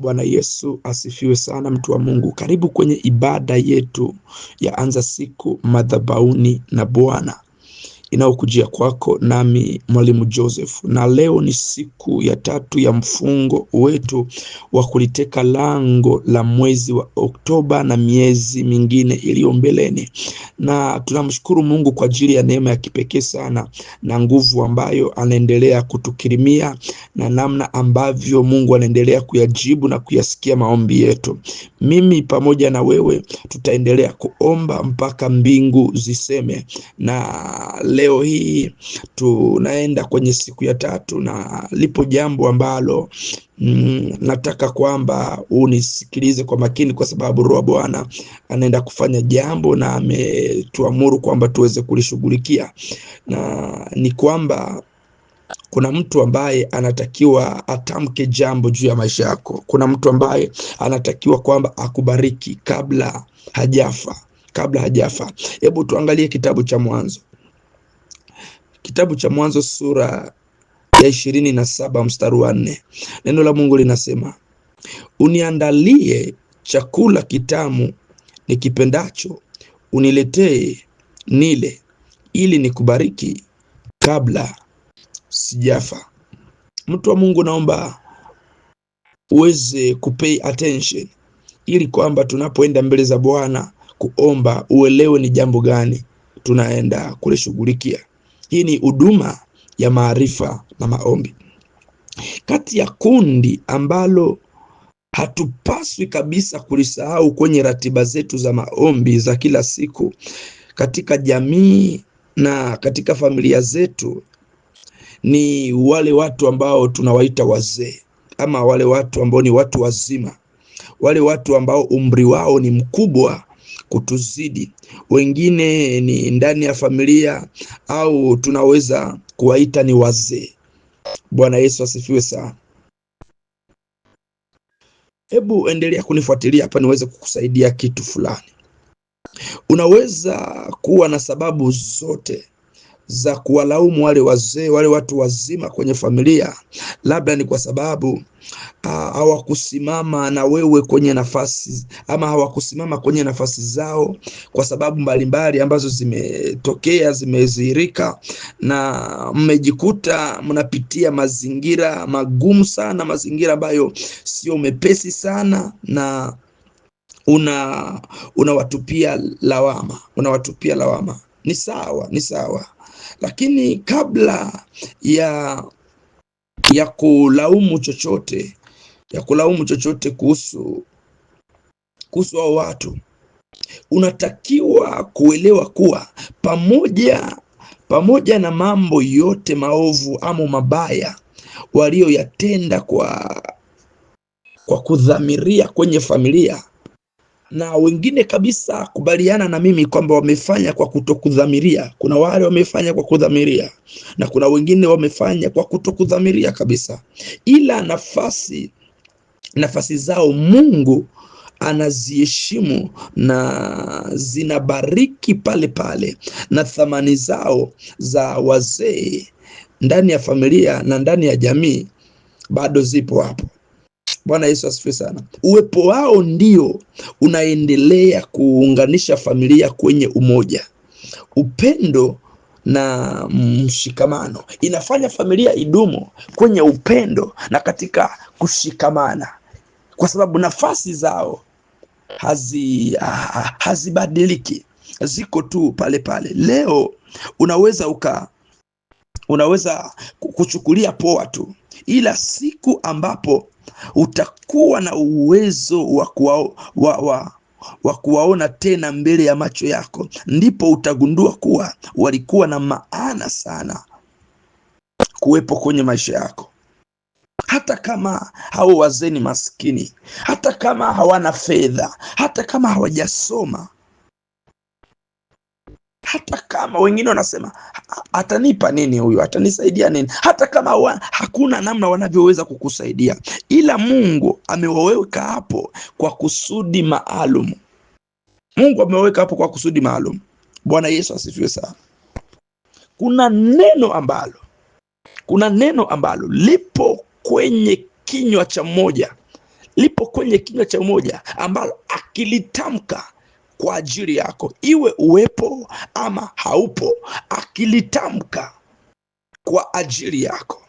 Bwana Yesu asifiwe sana, mtu wa Mungu. Karibu kwenye ibada yetu ya anza siku madhabauni na Bwana inayokujia kwako, nami Mwalimu Joseph. Na leo ni siku ya tatu ya mfungo wetu wa kuliteka lango la mwezi wa Oktoba na miezi mingine iliyo mbeleni, na tunamshukuru Mungu kwa ajili ya neema ya kipekee sana na nguvu ambayo anaendelea kutukirimia na namna ambavyo Mungu anaendelea kuyajibu na kuyasikia maombi yetu. Mimi pamoja na wewe tutaendelea kuomba mpaka mbingu ziseme na leo hii tunaenda kwenye siku ya tatu, na lipo jambo ambalo mm, nataka kwamba unisikilize kwa makini, kwa sababu Roho Bwana anaenda kufanya jambo na ametuamuru kwamba tuweze kulishughulikia, na ni kwamba kuna mtu ambaye anatakiwa atamke jambo juu ya maisha yako. Kuna mtu ambaye anatakiwa kwamba akubariki kabla hajafa, kabla hajafa. Hebu tuangalie kitabu cha Mwanzo Kitabu cha Mwanzo sura ya ishirini na saba mstari wa nne neno la Mungu linasema, uniandalie chakula kitamu nikipendacho, uniletee nile, ili nikubariki kabla sijafa. Mtu wa Mungu, naomba uweze kupay attention ili kwamba tunapoenda mbele za Bwana kuomba, uelewe ni jambo gani tunaenda kulishughulikia. Hii ni huduma ya maarifa na maombi. Kati ya kundi ambalo hatupaswi kabisa kulisahau kwenye ratiba zetu za maombi za kila siku katika jamii na katika familia zetu ni wale watu ambao tunawaita wazee ama wale watu ambao ni watu wazima, wale watu ambao umri wao ni mkubwa kutuzidi, wengine ni ndani ya familia au tunaweza kuwaita ni wazee. Bwana Yesu asifiwe sana. Hebu endelea kunifuatilia hapa niweze kukusaidia kitu fulani. Unaweza kuwa na sababu zote za kuwalaumu wale wazee wale watu wazima kwenye familia, labda ni kwa sababu ah, hawakusimama na wewe kwenye nafasi ama hawakusimama kwenye nafasi zao kwa sababu mbalimbali ambazo zimetokea zimedhihirika, na mmejikuta mnapitia mazingira magumu sana, mazingira ambayo sio mepesi sana na una unawatupia lawama, unawatupia lawama. Ni sawa, ni sawa lakini kabla ya ya kulaumu chochote ya kulaumu chochote kuhusu kuhusu hao watu, unatakiwa kuelewa kuwa pamoja pamoja na mambo yote maovu ama mabaya walioyatenda kwa kwa kudhamiria kwenye familia na wengine kabisa kubaliana na mimi kwamba wamefanya kwa kutokudhamiria. Kuna wale wamefanya kwa kudhamiria na kuna wengine wamefanya kwa kutokudhamiria kabisa, ila nafasi nafasi zao Mungu anaziheshimu na zinabariki pale pale, na thamani zao za wazee ndani ya familia na ndani ya jamii bado zipo hapo. Bwana Yesu asifiwe sana. Uwepo wao ndio unaendelea kuunganisha familia kwenye umoja, upendo na mshikamano. Inafanya familia idumu kwenye upendo na katika kushikamana, kwa sababu nafasi zao hazi hazibadiliki, ziko tu pale pale. Leo unaweza uka unaweza kuchukulia poa tu, ila siku ambapo utakuwa na uwezo wa, kuwa, wa, wa wa kuwaona tena mbele ya macho yako, ndipo utagundua kuwa walikuwa na maana sana kuwepo kwenye maisha yako. Hata kama hao wazee ni maskini, hata kama hawana fedha, hata kama hawajasoma, hata kama wengine wanasema atanipa nini huyu, atanisaidia nini, hata kama wa, hakuna namna wanavyoweza kukusaidia, ila Mungu amewaweka hapo kwa kusudi maalum. Mungu amewaweka hapo kwa kusudi maalum. Bwana Yesu asifiwe sana. Kuna neno ambalo kuna neno ambalo lipo kwenye kinywa cha mmoja lipo kwenye kinywa cha mmoja ambalo akilitamka kwa ajili yako, iwe uwepo ama haupo, akilitamka kwa ajili yako.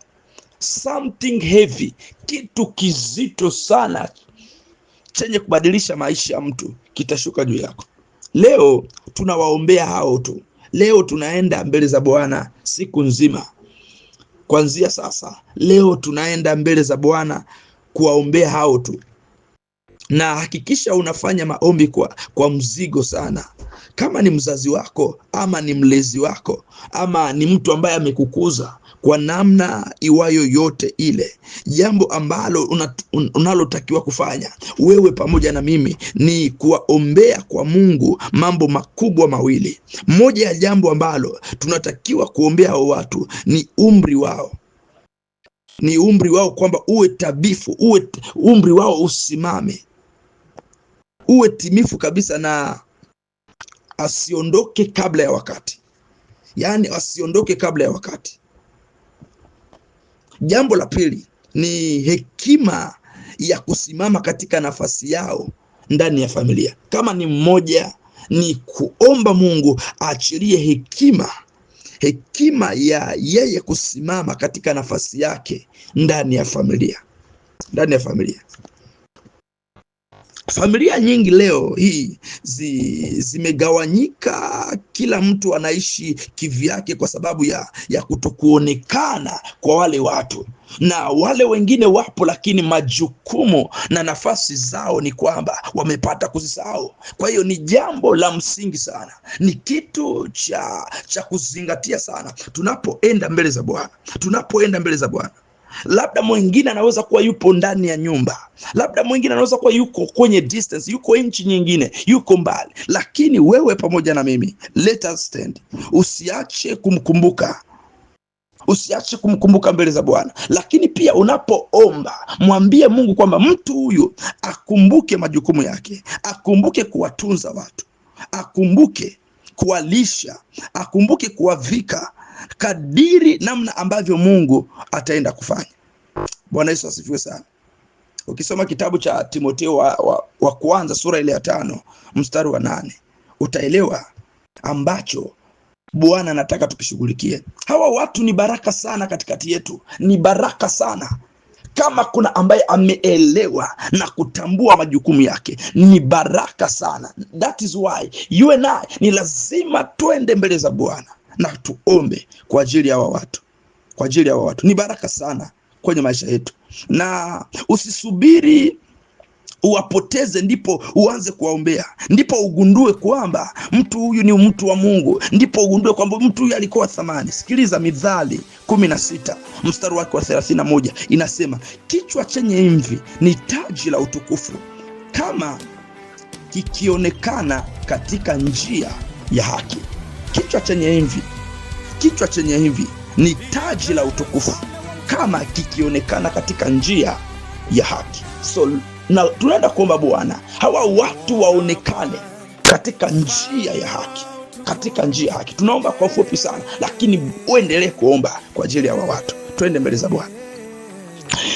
Something heavy, kitu kizito sana chenye kubadilisha maisha ya mtu kitashuka juu yako. Leo tunawaombea hao tu. Leo tunaenda mbele za Bwana siku nzima kuanzia sasa. Leo tunaenda mbele za Bwana kuwaombea hao tu na hakikisha unafanya maombi kwa, kwa mzigo sana. Kama ni mzazi wako ama ni mlezi wako ama ni mtu ambaye amekukuza kwa namna iwayo yote ile, jambo ambalo unalotakiwa kufanya wewe pamoja na mimi ni kuwaombea kwa Mungu mambo makubwa mawili. Moja ya jambo ambalo tunatakiwa kuombea hao watu ni umri wao ni umri wao, kwamba uwe tabifu, uwe umri wao usimame uwe timifu kabisa na asiondoke kabla ya wakati, yaani asiondoke kabla ya wakati. Jambo la pili ni hekima ya kusimama katika nafasi yao ndani ya familia. Kama ni mmoja, ni kuomba Mungu aachilie hekima, hekima ya yeye kusimama katika nafasi yake ndani ya familia, ndani ya familia. Familia nyingi leo hii zi, zimegawanyika, kila mtu anaishi kivyake kwa sababu ya, ya kutokuonekana kwa wale watu na wale wengine wapo, lakini majukumu na nafasi zao ni kwamba wamepata kuzisahau. Kwa hiyo ni jambo la msingi sana, ni kitu cha cha kuzingatia sana tunapoenda mbele za Bwana, tunapoenda mbele za Bwana. Labda mwingine anaweza kuwa yupo ndani ya nyumba, labda mwingine anaweza kuwa yuko kwenye distance, yuko nchi nyingine, yuko mbali, lakini wewe pamoja na mimi, let us stand. Usiache kumkumbuka, usiache kumkumbuka mbele za Bwana. Lakini pia unapoomba, mwambie Mungu kwamba mtu huyu akumbuke majukumu yake, akumbuke kuwatunza watu, akumbuke kuwalisha, akumbuke kuwavika kadiri namna ambavyo Mungu ataenda kufanya. Bwana Yesu asifiwe sana. Ukisoma kitabu cha Timotheo wa, wa, wa kwanza sura ile ya tano mstari wa nane utaelewa ambacho Bwana anataka tukishughulikie. Hawa watu ni baraka sana katikati yetu, ni baraka sana kama kuna ambaye ameelewa na kutambua majukumu yake ni baraka sana. That is why you and I ni lazima twende mbele za Bwana na tuombe kwa ajili ya hawa watu, kwa ajili ya hawa watu. Ni baraka sana kwenye maisha yetu, na usisubiri uwapoteze ndipo uanze kuwaombea, ndipo ugundue kwamba mtu huyu ni mtu wa Mungu, ndipo ugundue kwamba mtu huyu alikuwa thamani. Sikiliza Mithali kumi na sita mstari wake wa thelathini na moja inasema, kichwa chenye mvi ni taji la utukufu, kama kikionekana katika njia ya haki kichwa chenye hivi, kichwa chenye hivi ni taji la utukufu, kama kikionekana katika njia ya haki. So na tunaenda kuomba Bwana hawa watu waonekane katika njia ya haki, katika njia ya haki. Tunaomba kwa ufupi sana, lakini uendelee kuomba kwa ajili ya hawa watu. Twende mbele za Bwana.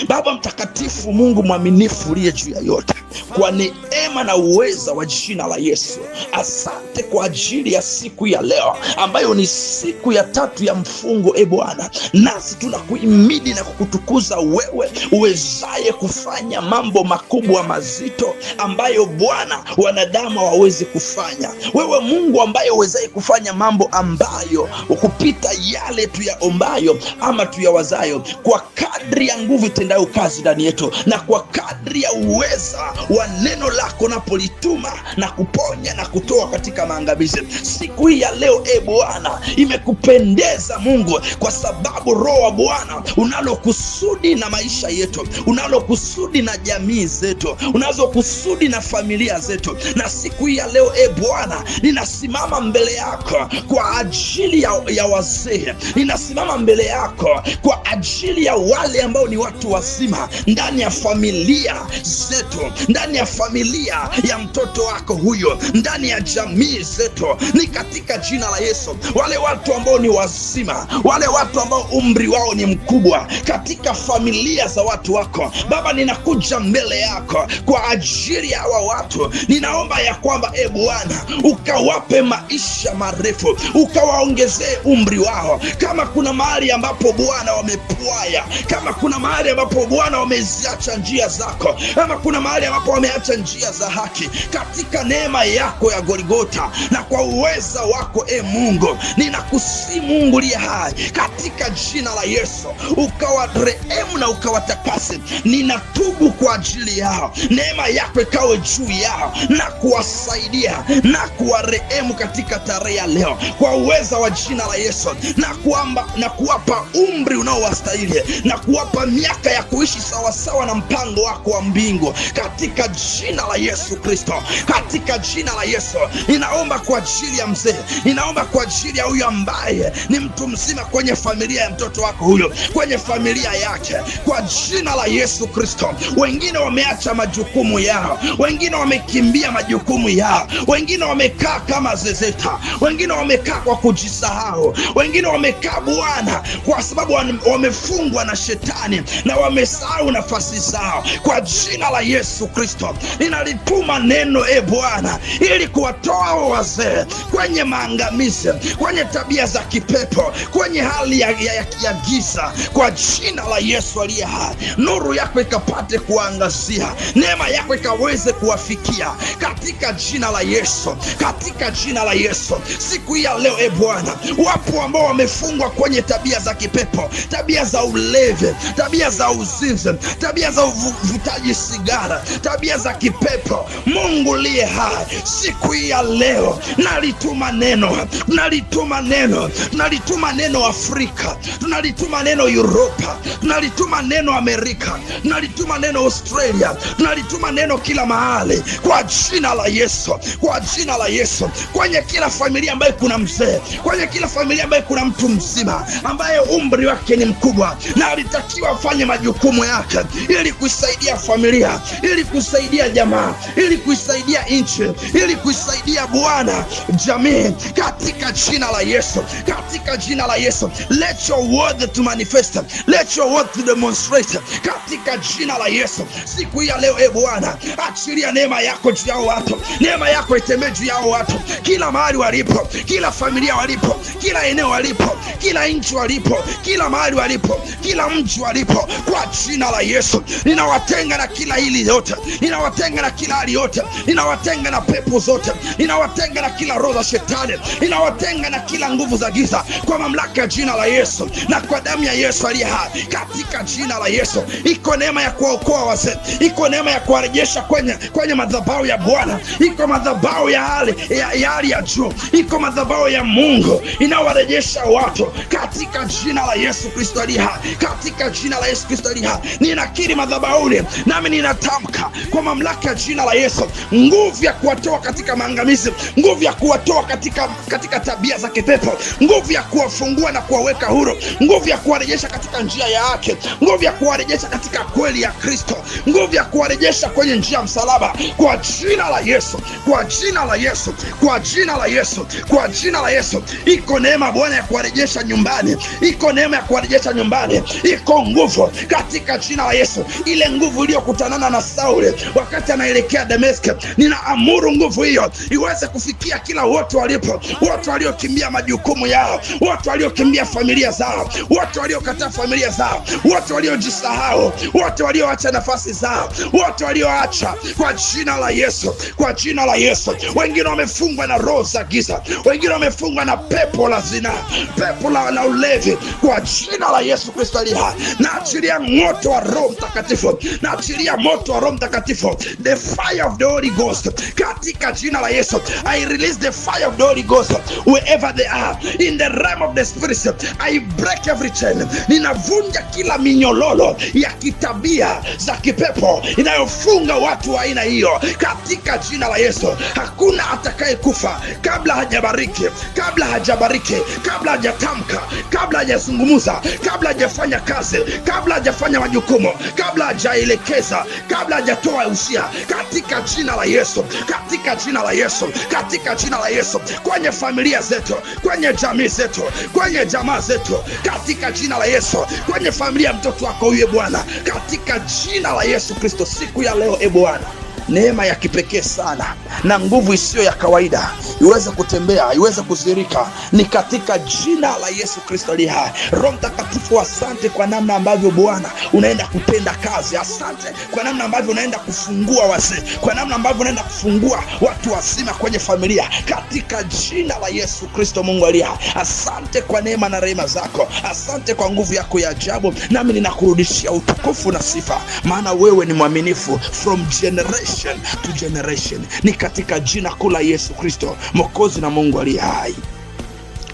Baba mtakatifu, Mungu mwaminifu, uliye juu ya yote kwa neema na uweza wa jina la Yesu. Asante kwa ajili ya siku ya leo ambayo ni siku ya tatu ya mfungo. E Bwana, nasi tunakuhimidi na kukutukuza wewe, uwezaye kufanya mambo makubwa mazito ambayo Bwana wanadamu hawawezi kufanya. Wewe Mungu ambaye uwezaye kufanya mambo ambayo kupita yale tuyaombayo ama tuyawazayo, kwa kadri ya nguvu itendayo kazi ndani yetu na kwa kadri ya uweza wa neno lako unapolituma na kuponya na kutoa katika maangamizi. Siku hii ya leo, e Bwana, imekupendeza Mungu, kwa sababu Roho wa Bwana unalokusudi na maisha yetu, unalokusudi na jamii zetu, unazokusudi na familia zetu, na siku hii ya leo, e Bwana, ninasimama mbele yako kwa ajili ya, ya wazee, ninasimama mbele yako kwa ajili ya wale ambao ni watu wazima ndani ya familia zetu ndani ya familia ya mtoto wako huyo, ndani ya jamii zetu, ni katika jina la Yesu. Wale watu ambao ni wazima, wale watu ambao umri wao ni mkubwa, katika familia za watu wako Baba, ninakuja mbele yako kwa ajili ya hawa watu, ninaomba ya kwamba e Bwana ukawape maisha marefu, ukawaongezee umri wao. Kama kuna mahali ambapo Bwana wamepwaya, kama kuna mahali ambapo Bwana wameziacha njia zako, kama kuna mahali ambapo wako wameacha njia za haki katika neema yako ya Goligota na kwa uweza wako e Mungu, ninakusi Mungu liye hai katika jina la Yesu, ukawarehemu na ukawatakase. Ninatubu kwa ajili yao, neema yako ikawe juu yao na kuwasaidia na kuwarehemu katika tarehe ya leo, kwa uweza wa jina la Yesu, na kuamba, na kuwapa umri unaowastahili na kuwapa miaka ya kuishi sawasawa na mpango wako wa mbingu katika katika jina la Yesu Kristo, katika jina la Yesu. Ninaomba kwa ajili ya mzee, ninaomba kwa ajili ya huyo ambaye ni mtu mzima kwenye familia ya mtoto wako huyo, kwenye familia yake, kwa jina la Yesu Kristo. Wengine wameacha majukumu yao, wengine wamekimbia majukumu yao, wengine wamekaa kama zezeta, wengine wamekaa kwa kujisahau, wengine wamekaa Bwana kwa sababu wamefungwa na shetani na wamesahau nafasi zao, kwa jina la Yesu Christo Kristo. Ninalituma neno, e Bwana, ili kuwatoa wazee kwenye maangamizi, kwenye tabia za kipepo, kwenye hali ya, ya, ya, ya giza, kwa jina la Yesu aliye hai. Nuru yako ikapate kuangazia, neema yako ikaweze kuwafikia katika jina la Yesu, katika jina la Yesu. Siku hii ya leo, e Bwana, wapo ambao wamefungwa kwenye tabia za kipepo, tabia za ulevi, tabia za uzinzi, tabia za uvutaji sigara, tabia tabia za kipepo. Mungu liye hai siku hii ya leo, nalituma neno, nalituma neno, nalituma neno Afrika, tunalituma neno Uropa, tunalituma neno Amerika, tunalituma neno Australia, tunalituma neno kila mahali kwa jina la Yesu, kwa jina la Yesu, kwenye kila familia ambayo kuna mzee, kwenye kila familia ambayo kuna mtu mzima ambaye umri wake ni mkubwa na alitakiwa afanye majukumu yake ili kuisaidia familia ili kusaidia jamaa, ili kuisaidia nchi, ili kuisaidia Bwana jamii, katika jina la Yesu, katika jina la Yesu, let your word to manifest, let your word to demonstrate, katika jina la Yesu. Siku hii ya leo, e Bwana, achilia neema yako juu yao watu, neema yako itembee juu yao watu, kila mahali walipo, kila familia walipo, kila eneo walipo, kila nchi walipo, kila mahali walipo, kila mji walipo, kwa jina la Yesu ninawatenga na kila hili yote inawatenga na kila hali yote, inawatenga na pepo zote, inawatenga na kila roho za shetani, inawatenga na kila nguvu za giza, kwa mamlaka ya jina la Yesu na kwa damu ya Yesu aliye hai, katika jina la Yesu. Iko neema ya kuwaokoa wazee, iko neema ya kuwarejesha kwenye, kwenye madhabahu ya Bwana, iko madhabahu ya hali ya, ya, hali ya juu, iko madhabahu ya Mungu inawarejesha watu katika jina la Yesu Kristo aliye hai, katika jina la Yesu Kristo aliye hai. Ninakiri madhabauni nami ninatamka kwa mamlaka ya jina la Yesu, nguvu ya kuwatoa katika maangamizi, nguvu ya kuwatoa katika, katika tabia za kipepo, nguvu ya kuwafungua na kuwaweka huru, nguvu ya kuwarejesha katika njia ya ake nguvu ya kuwarejesha katika kweli ya Kristo, nguvu ya kuwarejesha kwenye njia ya msalaba, kwa jina la Yesu, kwa jina la Yesu, kwa jina la Yesu, kwa jina la Yesu. Iko neema Bwana ya kuwarejesha nyumbani, iko neema ya kuwarejesha nyumbani, iko nguvu katika jina la Yesu, ile nguvu iliyokutanana na Sauli ule, wakati anaelekea nina Ninaamuru nguvu hiyo iweze kufikia kila wote walipo, wote waliokimbia majukumu yao, wote waliokimbia familia zao, wote waliokataa familia zao, wote waliojisahau, wote walioacha nafasi zao, wote walioacha, kwa jina la Yesu, kwa jina la Yesu. Wengine wamefungwa na roho za giza, wengine wamefungwa na pepo la zinaa, pepo la, na ulevi, kwa jina la Yesu Kristo aliye hai. Naachilia moto wa Roho Mtakatifu, naachilia moto wa Roho Mtakatifu, the fire of the Holy Ghost. Katika jina la Yesu, I release the fire of the Holy Ghost wherever they are in the realm of the spirit. I break every chain, ninavunja kila minyololo ya kitabia za kipepo inayofunga watu wa aina hiyo, katika jina la Yesu. Hakuna atakaye kufa kabla hajabariki, kabla hajabariki, kabla hajatamka, kabla hajazungumza, kabla hajafanya kazi, kabla hajafanya majukumu, kabla hajaelekeza, kabla haja ninatoa usia katika jina la Yesu, katika jina la Yesu, katika jina la Yesu, kwenye familia zetu, kwenye jamii zetu, kwenye jamaa zetu, katika jina la Yesu, kwenye familia mtoto wako huyu, Bwana, katika jina la Yesu Kristo, siku ya leo, e Bwana neema ya kipekee sana na nguvu isiyo ya kawaida iweze kutembea, iweze kuzirika, ni katika jina la Yesu Kristo aliye hai. Roho Mtakatifu, asante kwa namna ambavyo Bwana unaenda kutenda kazi. Asante kwa namna ambavyo unaenda kufungua wazee, kwa namna ambavyo unaenda kufungua watu wazima kwenye familia, katika jina la Yesu Kristo Mungu aliye hai. Asante kwa neema na rehema zako, asante kwa nguvu yako ya ajabu, nami ninakurudishia utukufu na sifa, maana wewe ni mwaminifu from generation generation to generation, ni katika jina kula Yesu Kristo mokozi na Mungu aliye hai.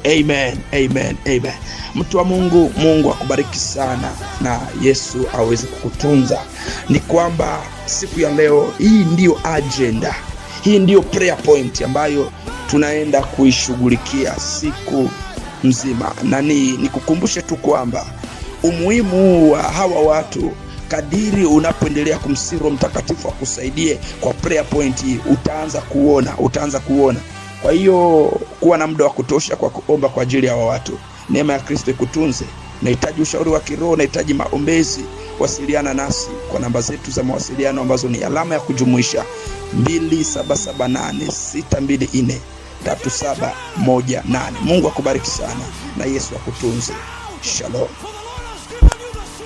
Amen, amen, amen. Mtu wa Mungu, Mungu akubariki sana na Yesu aweze kukutunza. Ni kwamba siku ya leo hii ndiyo agenda, hii ndiyo prayer point ambayo tunaenda kuishughulikia siku mzima, na ni nikukumbushe tu kwamba umuhimu wa hawa watu kadiri unapoendelea kumsiro mtakatifu akusaidie kwa prayer point hii utaanza kuona utaanza kuona kwa hiyo kuwa na muda wa kutosha kwa kuomba kwa ajili ya wa watu neema ya kristo ikutunze nahitaji ushauri wa kiroho nahitaji maombezi wasiliana nasi kwa namba zetu za mawasiliano ambazo ni alama ya kujumuisha 2778624378 mungu akubariki sana na yesu akutunze shalom